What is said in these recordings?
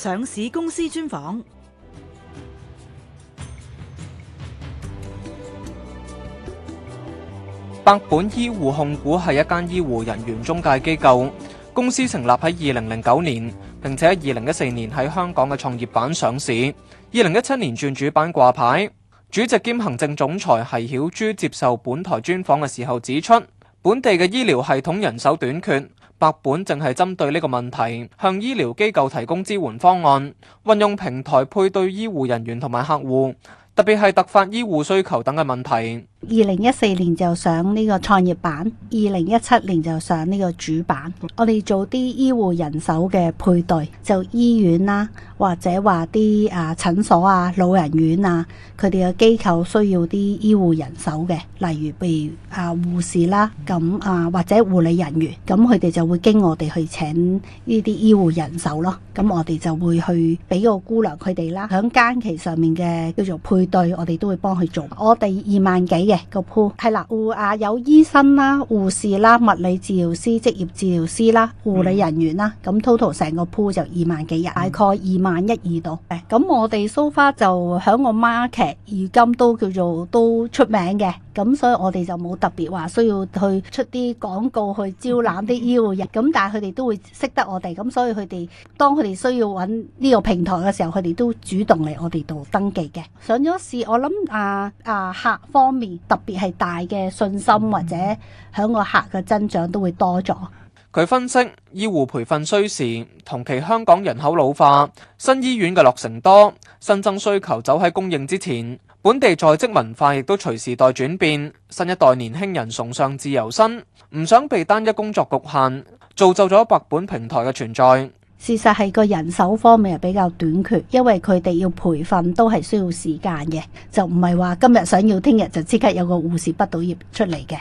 上市公司專訪。百本醫護控股係一間醫護人員中介機構，公司成立喺二零零九年，並且喺二零一四年喺香港嘅創業板上市，二零一七年轉主板掛牌。主席兼行政總裁奚曉珠，接受本台專訪嘅時候指出，本地嘅醫療系統人手短缺。百本淨係針對呢個問題，向醫療機構提供支援方案，運用平台配對醫護人員同埋客戶。特別係突發醫護需求等嘅問題。二零一四年就上呢個創業板，二零一七年就上呢個主板。我哋做啲醫護人手嘅配對，就醫院啦，或者話啲啊診所啊、老人院啊，佢哋嘅機構需要啲醫護人手嘅，例如譬如啊護士啦，咁啊或者護理人員，咁佢哋就會經我哋去請呢啲醫護人手咯。咁我哋就會去俾個姑娘佢哋啦，喺間期上面嘅叫做配。對我哋都會幫佢做，我哋二萬幾嘅，那個鋪系啦，護啊有醫生啦、護士啦、物理治療師、職業治療師啦、護理人員啦，咁 total 成個鋪就二萬幾人，嗯、大概二萬一、二度。咁我哋 so far 就響個 market，如今都叫做都出名嘅。咁所以我哋就冇特別話需要去出啲廣告去招攬啲醫護人，咁但係佢哋都會識得我哋，咁所以佢哋當佢哋需要揾呢個平台嘅時候，佢哋都主動嚟我哋度登記嘅。上咗市，我諗啊啊客方面特別係大嘅信心或者響個客嘅增長都會多咗。佢分析，醫護培訓需時，同期香港人口老化，新醫院嘅落成多，新增需求走喺供應之前。本地在職文化亦都隨時代轉變，新一代年輕人崇尚自由身，唔想被單一工作局限，造就咗百本平台嘅存在。事實係個人手方面係比較短缺，因為佢哋要培訓都係需要時間嘅，就唔係話今日想要聽日就即刻有個護士畢到業出嚟嘅，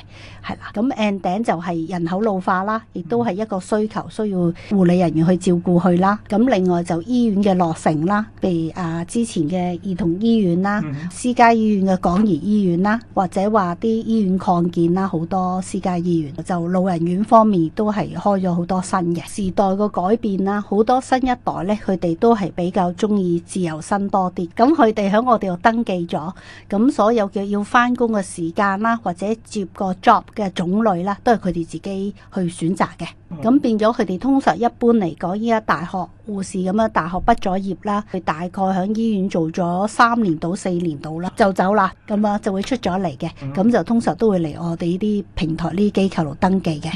係啦。咁 e n d i 就係人口老化啦，亦都係一個需求，需要護理人員去照顧佢啦。咁另外就醫院嘅落成啦，譬如啊之前嘅兒童醫院啦，私家醫院嘅港怡醫院啦，或者話啲醫院擴建啦，好多私家醫院就老人院方面都係開咗好多新嘅時代個改變啦。好多新一代咧，佢哋都係比較中意自由身多啲。咁佢哋響我哋度登記咗，咁所有嘅要翻工嘅時間啦，或者接個 job 嘅種類啦，都係佢哋自己去選擇嘅。咁變咗佢哋通常一般嚟講依家大學。護士咁樣，大學畢咗業啦，佢大概喺醫院做咗三年到四年到啦，就走啦，咁啊就會出咗嚟嘅，咁就通常都會嚟我哋呢啲平台呢啲機構度登記嘅，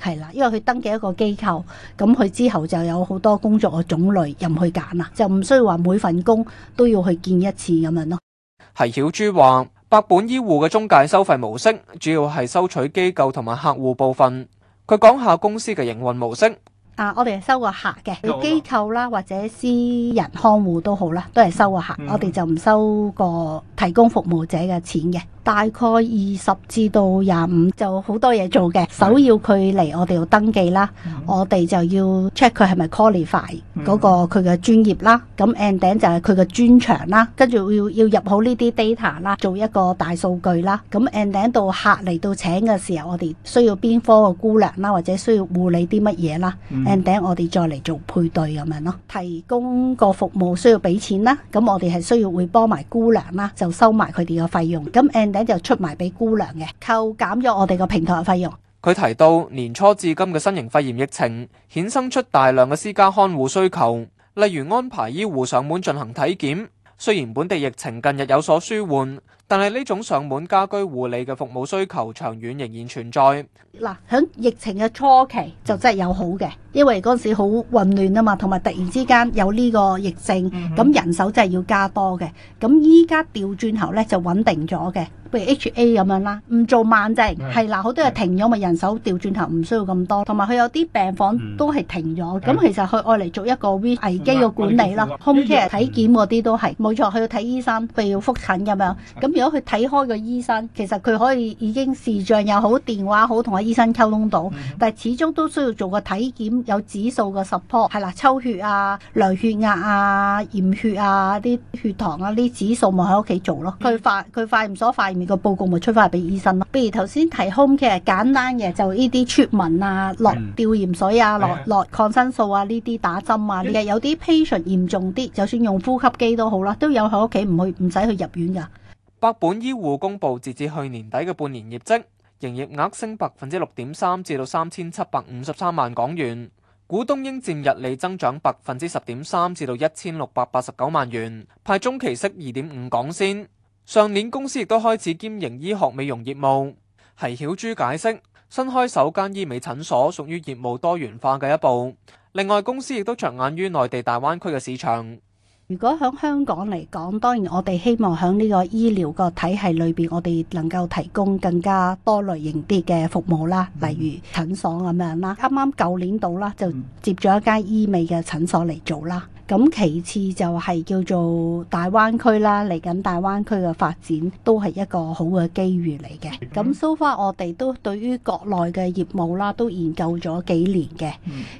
係啦，因為佢登記一個機構，咁佢之後就有好多工作嘅種類任佢揀啦，就唔需要話每份工都要去見一次咁樣咯。奚曉珠話，百本醫護嘅中介收費模式主要係收取機構同埋客戶部分。佢講下公司嘅營運模式。啊！我哋係收個客嘅，機構啦或者私人看護都好啦，都係收個客。嗯、我哋就唔收個提供服務者嘅錢嘅。大概二十至到廿五就好多嘢，做嘅。嗯、首要佢嚟我哋要登記啦，嗯、我哋就要 check 佢係咪 qualify 嗰、嗯、個佢嘅專業啦。咁 ending 就係佢嘅專長啦，跟住要要入好呢啲 data 啦，做一個大數據啦。咁 ending 到客嚟到請嘅時候，我哋需要邊科嘅姑娘啦，或者需要護理啲乜嘢啦。嗯 e n d 我哋再嚟做配對咁樣咯，提供個服務需要俾錢啦，咁我哋係需要會幫埋姑娘啦，就收埋佢哋嘅費用，咁 e n d 就出埋俾姑娘嘅，扣減咗我哋個平台嘅費用。佢提到年初至今嘅新型肺炎疫情，衍生出大量嘅私家看護需求，例如安排醫護上門進行體檢。雖然本地疫情近日有所舒緩，但係呢種上門家居護理嘅服務需求長遠仍然存在。嗱，響疫情嘅初期就真係有好嘅，因為嗰陣時好混亂啊嘛，同埋突然之間有呢個疫症，咁、mm hmm. 人手真係要加多嘅。咁依家調轉頭咧就穩定咗嘅。譬如 H A 咁樣啦，唔做慢症係啦，好多嘢停咗咪是人手調轉頭唔需要咁多，同埋佢有啲病房都係停咗嘅。咁、嗯、其實佢愛嚟做一個危機嘅管理咯，home care 體檢嗰啲都係冇、嗯、錯，佢要睇醫生，譬如要覆診咁樣。咁是如果佢睇開個醫生，其實佢可以已經視像又好電話好同個醫生溝通到，嗯、但係始終都需要做個體檢，有指數嘅 support 係啦，抽血啊、量血壓啊、驗血啊、啲血糖啊啲指數，咪喺屋企做咯。佢化佢化驗所化驗。個報告咪出翻嚟俾醫生咯。譬如頭先提 h o m 嘅簡單嘅，就呢啲出文啊、落釣鹽水啊、落落抗生素啊呢啲打針啊。你嘅、嗯、有啲 patient 嚴重啲，就算用呼吸機都好啦，都有喺屋企唔去唔使去，去入院噶。百本醫護公布截至去年底嘅半年業績，營業額升百分之六點三至到三千七百五十三萬港元，股東應佔日利增長百分之十點三至到一千六百八十九萬元，派中期息二點五港仙。上年公司亦都開始兼營醫學美容業務，奚曉珠解釋新開首間醫美診所屬於業務多元化嘅一步。另外公司亦都着眼於內地大灣區嘅市場。如果喺香港嚟講，當然我哋希望喺呢個醫療個體系裏邊，我哋能夠提供更加多類型啲嘅服務啦，例如診所咁樣啦。啱啱舊年度啦就接咗一間醫美嘅診所嚟做啦。咁其次就係叫做大灣區啦，嚟緊大灣區嘅發展都係一個好嘅機遇嚟嘅。咁 so far 我哋都對於國內嘅業務啦，都研究咗幾年嘅。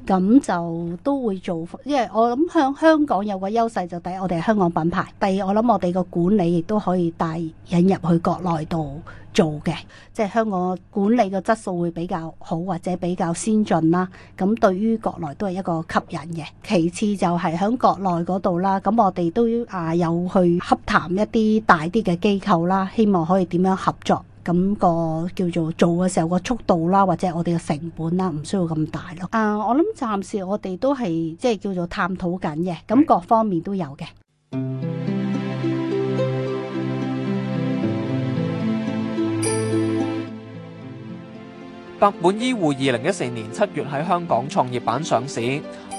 咁、嗯、就都會做，因為我諗響香港有個優勢，就第一我哋係香港品牌，第二我諗我哋個管理亦都可以帶引入去國內度。做嘅，即係香港管理嘅質素會比較好，或者比較先進啦。咁對於國內都係一個吸引嘅。其次就係喺國內嗰度啦，咁我哋都啊有去洽談一啲大啲嘅機構啦，希望可以點樣合作。咁個叫做做嘅時候個速度啦，或者我哋嘅成本啦，唔需要咁大咯。啊，我諗暫時我哋都係即係叫做探討緊嘅，咁各方面都有嘅。百本醫護二零一四年七月喺香港創業板上市，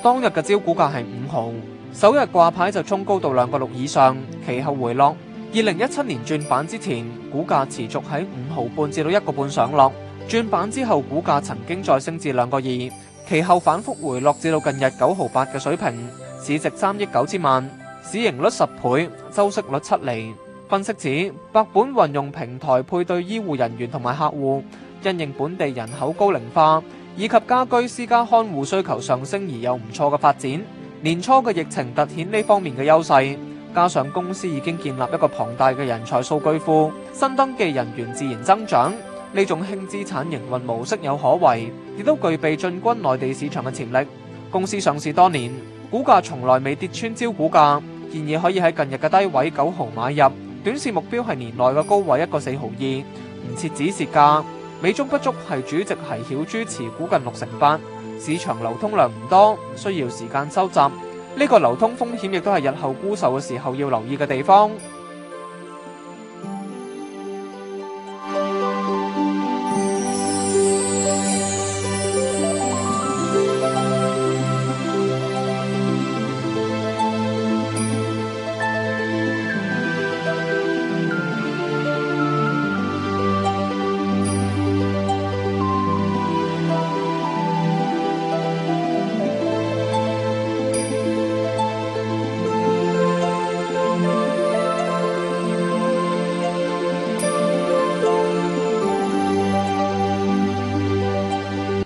當日嘅招股價係五毫，首日掛牌就衝高到兩個六以上，其後回落。二零一七年轉板之前，股價持續喺五毫半至到一個半上落，轉板之後股價曾經再升至兩個二，其後反復回落至到近日九毫八嘅水平，市值三億九千萬，市盈率十倍，周息率七厘。分析指百本運用平台配對醫護人員同埋客戶。因應本地人口高齡化以及家居私家看護需求上升，而有唔錯嘅發展。年初嘅疫情凸顯呢方面嘅優勢，加上公司已經建立一個龐大嘅人才數據庫，新登記人員自然增長，呢種輕資產營運模式有可為，亦都具備進軍內地市場嘅潛力。公司上市多年，股價從來未跌穿招股價，現而可以喺近日嘅低位九毫買入，短線目標係年內嘅高位一個四毫二，唔設止蝕價。美中不足係主席係曉珠，持股近六成八，市場流通量唔多，需要時間收集。呢、這個流通風險亦都係日後沽售嘅時候要留意嘅地方。